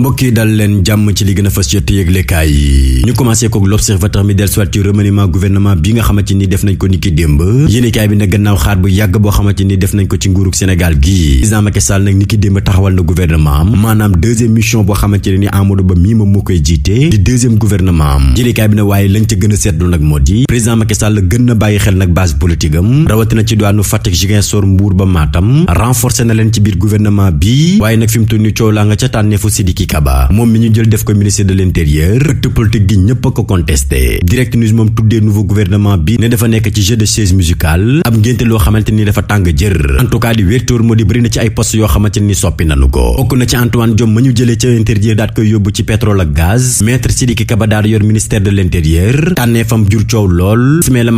mbokk yi dal leen jàmm ci li gën a fës ci yëglekaay yi ñu commencé kook l'observateur mi del soit ci remaniement bi nga xamante ni def nañ ko niki démb yéenekaay bi na gannaaw xaar bu yàgg boo xamante ni def nañ ko ci nguurug Sénégal gii président Macky Sall nag niki démb taxawal na gouvernement am maanaam deuxième mission boo xamante ne ni Amadou Ba mii moom moo koy jiite di deuxième gouvernement am bi nag waaye lañ ca gën a seetlu nag moo di président Macky Sall gën na bàyyi xel nag base politique am rawatina ci diwaanu Fatick Ziguinchor Mbour ba Matam renforcé na leen ci biir gouvernement bi waaye nag fi mu toll nii coow laa nga ca tànneefu Sidiki Kaba moom mi ñu jël def ko ministre de l'intérieur ëtt politique gi ñëpp a ko contesté direct news moom tuddee nouveau gouvernement bi ne dafa nekk ci jeu de chaise musicale am ngénte loo xamante ni dafa tàng jër en di wértóor moo di bëri ci ay poste yoo xamante ni soppi nanu ko bokk na ci Antoine Diome ma ñu jëlee ca intérieur daat koy yóbbu ci pétrole ak gaz maître Sidiki Kaba daal yor ministère de l'intérieur tànnee fam jur coow lool Ismaïla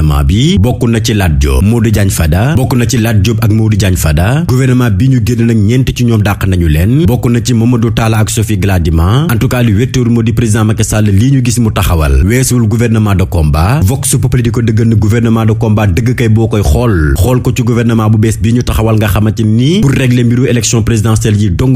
gouvernement bi bokk na ci Lat Diop Modou Diagne Fada bokk na ci Lat Diop ak Modou Diagne Fada gouvernement bi ñu génn nag ñeent ci ñoom dàq nañu leen bokk na ci Mamadou Talla ak Sophie Gladima en tout cas di président Macky Sall ñu gis mu taxawal weesul gouvernement de combat vox populi di ko dëggal ne gouvernement de combat dëgg kay boo koy xool xool ko ci gouvernement bu bees bi ñu taxawal nga xamante ni pour régler mbiru élection présidentielle yi boo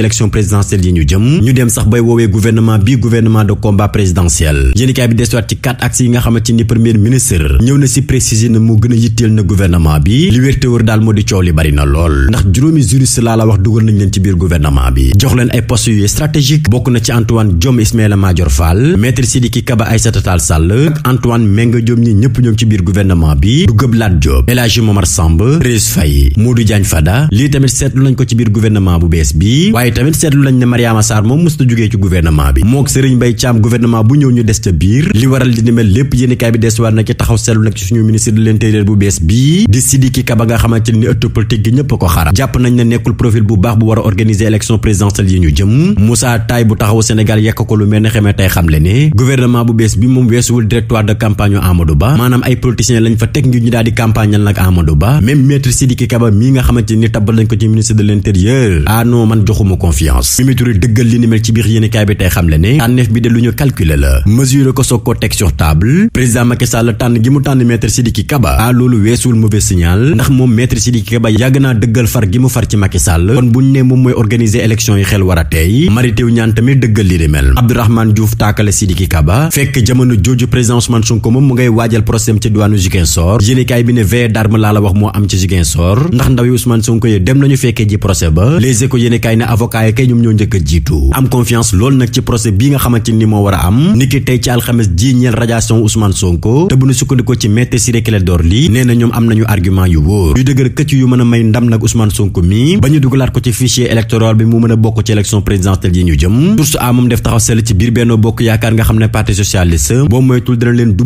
xamante ni yi ñu jëm ñu dem sax bay woowee gouvernement bi gouvernement de combat présidentiel yéenekaay bi desuwaat ci quatre axes yi nga xamante ni premier ministre ñëw na si préciser na moo gën a yitteel na gouvernement bi li wér te wër daal moo di coow li bari na lool ndax juróomi juriste laa la wax dugal nañ leen ci biir gouvernement bi jox ay postes yu stratégique bokk na ci Antoine Diome Ismaïla Madior Fall maître Sidiki Kaba Aïssata Tall Sall ak Antoine Menga Diome ñi ñëpp ñoo bu bees bi Mariama Sarr moom mës jógee ci gouvernement bi mook Serigne Mbaye Thiam gouvernement bu ñëw ñu des ca biir li waral li ni lépp yéenekaay bi desuwaat na ci taxaw seetlu nag ci suñu ministre de l'intérieur bu bees bii di Sidiki Kaba nga xamante ni ëtt politique gi ñëpp ko xara jàpp nañ ne nekkul profil bu baax bu war organiser élection présidentielle yi ñu jëm Moussa Taye bu taxaw Sénégal yekk ko lu mel ne xamee tey xamle ne gouvernement bu bees L'Observateur dëggal li ni mel ci biir yéenekaay bi tey xamle ne tànneef bi de lu ñu calculer la mesure ko soog ko teg sur table président Macky tànn gi mu tànn maître Sidiki Kaba ah loolu weesuwul mauvais signal ndax moom maître Sidiki Kaba yàgg naa dëggal far gi mu far ci Macky Sall kon buñ ne moom mooy organiser élection yi xel war a tey Mary Teuw Niane dëggal li ni mel Abdourahmane Diouf taakale fekk jamono jooju président Ousmane Sonko moom mu ngay waajal bi ne veille la wax moo am ci Ziguinchor ndax ndaw yi Ousmane jiitu am confiance loolu nag ci procès bi nga xamante ni moo war a am niki tey ci alxames ji ñeel radiation Ousmane te bu ñu sukkandikoo ci Maître Ciré Clédor Ly nee na ñoom am nañu argument yu wóor yu dëgër këcc yu mën a may ndam nag Ousmane Sonko mi ba ñu dugalaat ko ci fichier électoral bi mu mën a bokk ci élection présidentielle yi ñu jëm source a def taxaw sell ci biir Benno Bokk Yaakaar nga xam ne parti socialiste boo moytul dana leen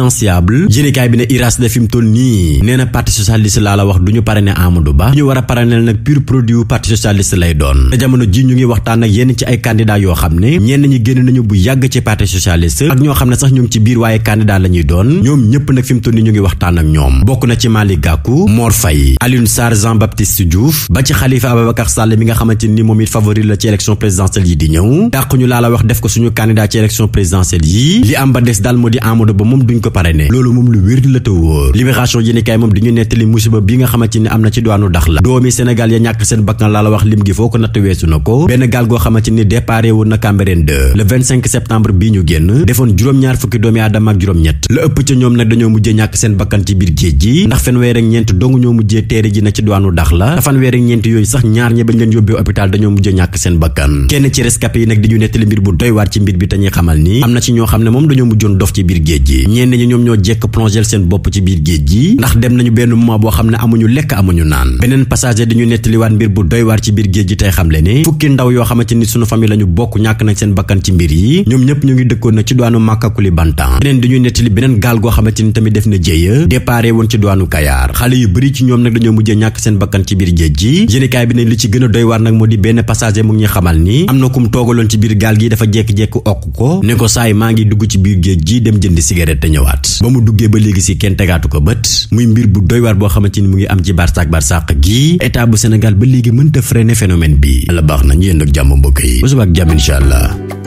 présidentiable yéenekaay bi ne iras dafim toll nii nee na parti laa la wax du ñu parrainé Amadou Ba ñu war a parrainé nag pur produit wu parti socialiste lay doon te jamono ji ñu ngi waxtaan ak yenn ci ay candidat yoo xam ne ñenn ñi génn nañu bu yàgg ci parti socialiste ak ñoo xam ne sax ñu ci biir waaye candidat la doon ñoom ñëpp nag fi mu nii ñu ngi waxtaan ak ñoom bokk na ci Malick Gakou Mor Faye Alioune Jean Baptiste Diouf ba lañ ko parrainé loolu moom lu wér la te wóor libération yéeni kaay moom diñu nettali musiba bi nga xamante ni am na ci diwaanu dax la doomi Sénégal ya ñàkk seen ni déparé na ci biir ñoo mujjee teere ji na ci diwaanu dax la te fanweer ak yooyu sax ñaar ñe bañ yóbbee hôpital dañoo mujjee ñàkk seen bakkan kenn ci rescapé yi nag di ñu nettali mbir bu doy ci mbir bi te ñuy xamal ni am na ci ñoo xam ne moom dañoo mujjoon dof ci biir géej gi nañu ñoom ñoo jekk plongel seen bopp ci biir géej gi ndax dem nañu benn moment boo xam ne amuñu lekk amuñu naan beneen passager di ñu nettaliwaat mbir bu doy waar ci biir géej gi tey xam le ne fukki ndaw yoo xamante ni sunu famille lañu bokk ñàkk nañ seen bakkan ci mbir yi ñoom ñëpp ñu ngi dëkkoon na ci duwaanu màkkakuli ñu nettali beneen gaal goo xamante ni tamit def na jéya déparé woon ci duwaanu kayaar yu bëri ci ñoom nag dañoo ñàkk seen bakkan ci biir géej gi yéenekaay bi ne li ci gën a doy waar nag moo di benn passager mu ngi xamal ni am na kum toogaloon ci biir gaal gi dafa jekk-jekk okk ko ne ko saay maa ngi dugg ci biir géej gi dem jënd cigarette te ñëwaat ba mu duggee ba léegi si kenn tegaatu ko bët muy mbir bu doy waar boo xamante ni mu ngi am ci barsak barsak gii état bu Sénégal ba léegi mënta freiner phénomène bi la baax nañu yéen ak jàmm mbokk yi ba subaak jàmm incha allah